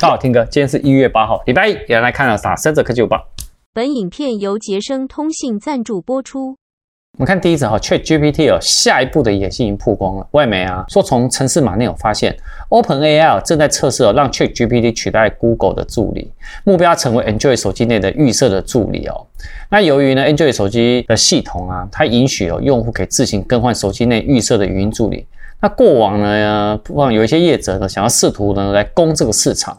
大家好，Tim 哥，今天是一月八號，禮拜一，也來看了啥？《3C 科技午報》。本影片由傑昇通信贊助播出。我們看第一集哈、哦、，ChatGPT 哦，下一步的野心已經曝光了。外媒啊說，從程式碼內有發現，OpenAI 正在測試、哦、讓 ChatGPT 取代 Google 的助理，目標成為 Android 手機內的預設的助理哦。那由於呢，Android 手機的系統啊，它允許哦用戶可以自行更換手機內預設的語音助理。那過往呢，不過、啊、有一些業者呢，想要試圖呢來攻這個市場。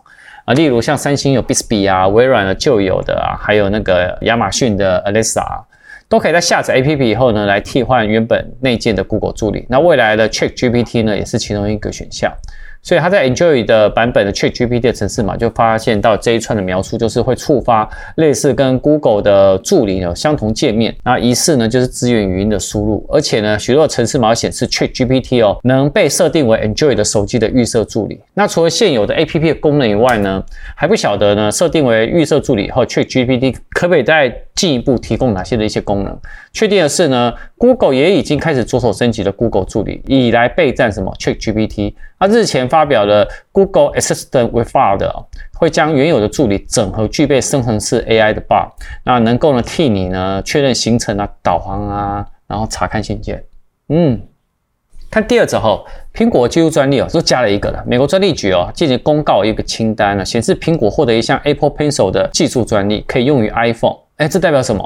啊，例如像三星有 Bixby 啊，微軟的舊有的啊，還有那個亞馬遜的 Alexa 啊，都可以在下載 APP 以後呢，來替換原本內建的 Google 助理。那未來的 ChatGPT 呢，也是其中一個選項。所以他在 Android 的版本的 Chat GPT 的程式碼就發現到這一串的描述，就是會觸發類似跟 Google 的助理相同界面，那疑似呢就是支援語音的輸入，而且呢許多程式碼顯示 Chat GPT 哦，能被設定為 Android 的手機的預設助理。那除了現有的 APP 的功能以外呢，還不曉得呢設定為預設助理以後，Chat GPT 可不可以再進一步提供哪些的一些功能？確定的是呢，Google 也已經開始着手升級了 Google 助理，以來備戰什麼 Chat GPT 啊。那日前。發表了 Google Assistant r e f a c t o 會將原有的助理整合具備生成式 AI 的 bar，那能夠呢替你呢確認行程啊、導航啊，然後查看信件。嗯，看第二則哦，蘋果的技術專利哦是不是加了一個了。美國專利局哦進行公告一個清單呢，顯示蘋果獲得一項 Apple Pencil 的技術專利，可以用於 iPhone。誒，這代表什麼？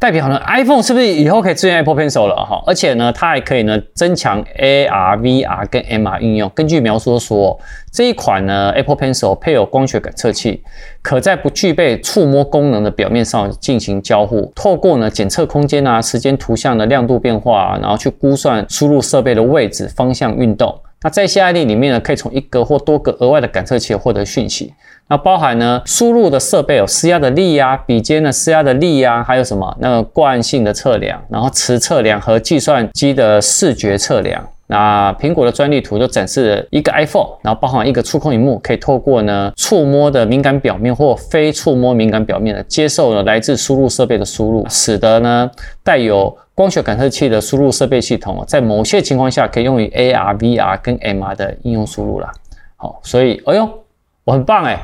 代表呢 iPhone 是不是以後可以支援 Apple Pencil 了哈？而且呢，它還可以呢增強 AR、VR 跟 MR 應用。根據描述說，這一款呢 Apple Pencil 配有光學感測器，可在不具備觸摸功能的表面上進行交互。透過呢檢測空間啊、時間、圖像的亮度變化，啊，然後去估算輸入設備的位置、方向運動。在一些案例裡面呢，可以從一格或多個額外的感測器獲得訊息。那包含呢輸入的設備有施壓的力呀、啊，筆尖的施壓的力呀、啊，還有什麼那個慣性的測量，然後磁測量和計算機的視覺測量。那蘋果的專利圖就展示了一個 iPhone，然後包含一個觸控熒幕，可以透過呢觸摸的敏感表面或非觸摸敏感表面的接受來自輸入設備的輸入，使得呢帶有。光學感測器的輸入設備系統，在某些情況下可以用於 AR、VR 跟 MR 的應用輸入啦。好，所以，哎呦，我很棒誒、欸。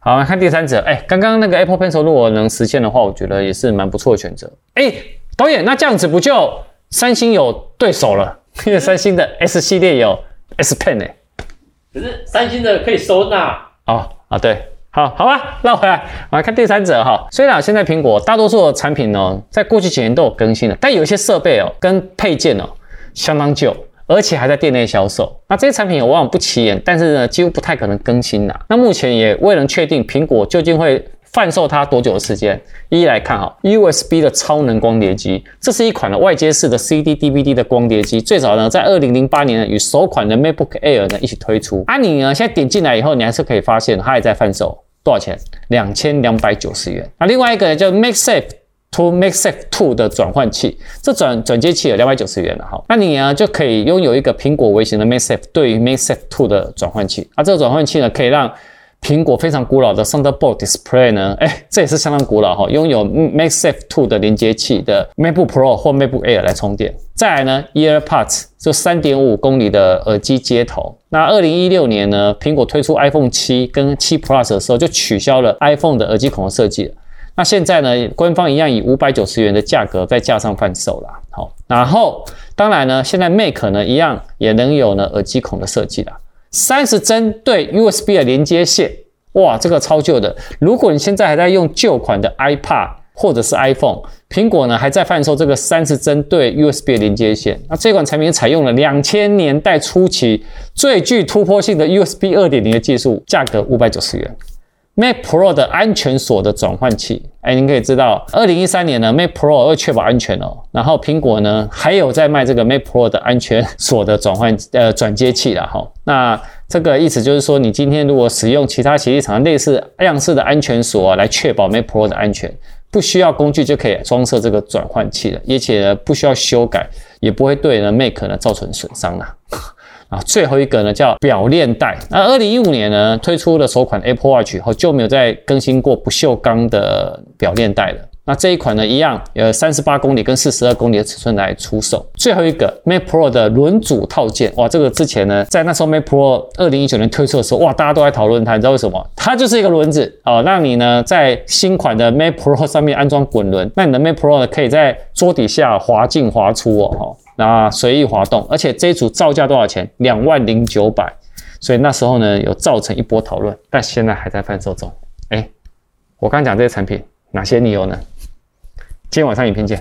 好，來看第三者，哎、欸，剛剛那個 Apple Pencil 如果能實現的話，我覺得也是蠻不錯的選擇。哎、欸，導演，那這樣子不就三星有對手了？因為三星的 S 系列有 S Pen 哎、欸。可是三星的可以收納哦，啊對。好，好吧，繞回來，我們看第三者哈。雖然現在蘋果大多數的產品呢，在過去幾年都有更新了，但有一些設備哦，跟配件哦，相當舊，而且還在店內銷售。那這些產品也往往不起眼，但是呢，幾乎不太可能更新了。那目前也未能確定蘋果究竟會。販售它多久的時間？一來看哈，USB 的超能光碟機，這是一款的外接式的 CD/DVD 的光碟機，最早呢在2008年呢與首款的 MacBook Air 呢一起推出。啊，你呢現在點進來以後，你還是可以發現它還在販售，多少錢？兩千兩百九十元。那、啊、另外一個叫 MagSafe to MagSafe 2的轉換器，這轉轉接器有兩百九十元了哈。那、啊、你呢就可以擁有一個蘋果微型的 MagSafe 對於 MagSafe 2的轉換器。啊，這個轉換器呢可以讓蘋果非常古老的 Thunderbolt Display 呢，哎，這也是相當古老哈，擁有 MagSafe 2的連接器的 MacBook Pro 或 MacBook Air 來充電。再來呢，EarPods 就三點五公里的耳機接頭。那二零一六年呢，蘋果推出 iPhone 七跟七 Plus 的時候就取消了 iPhone 的耳機孔的設計。那現在呢，官方一樣以五百九十元的價格在架上販售啦。好，然後當然呢，現在 Mac 呢一樣也能有呢耳機孔的設計啦。三十針對 USB 的連接線，哇，這個超舊的。如果你現在還在用舊款的 iPad 或者是 iPhone，蘋果呢還在販售這個三十針對 USB 的連接線。那這款產品採用了兩千年代初期最具突破性的 USB 二點零的技術，價格五百九十元。Mac Pro 的安全鎖的轉換器，哎，您可以知道，二零一三年呢，Mac Pro 又確保安全哦。然後蘋果呢，還有在賣這個 Mac Pro 的安全鎖的轉換呃轉接器了哈，哦。那這個意思就是說，你今天如果使用其他協力廠類似樣式的安全鎖、啊、來確保 Mac Pro 的安全，不需要工具就可以裝設這個轉換器了，而且呢，不需要修改，也不會對呢 Mac 呢造成損傷啊。啊，最後一個呢叫表鏈帶。那二零一五年呢推出了首款 Apple Watch 後，就沒有再更新過不鏽鋼的表鏈帶了。那這一款呢一樣，有三十八公里跟四十二公里的尺寸來出售。最後一個 Mac Pro 的輪組套件，哇，這個之前呢在那時候 Mac Pro 二零一九年推出的時候，哇，大家都在討論它，你知道為什麼？它就是一個輪子啊、哦，讓你呢在新款的 Mac Pro 上面安裝滾輪，那你的 Mac Pro 呢，可以在桌底下滑進滑出哦，那隨意滑動，而且這一組造價多少錢？兩萬零九百。所以那時候呢，有造成一波討論，但現在還在販售中。哎，我剛講這些產品，哪些你有呢？今天晚上影片見。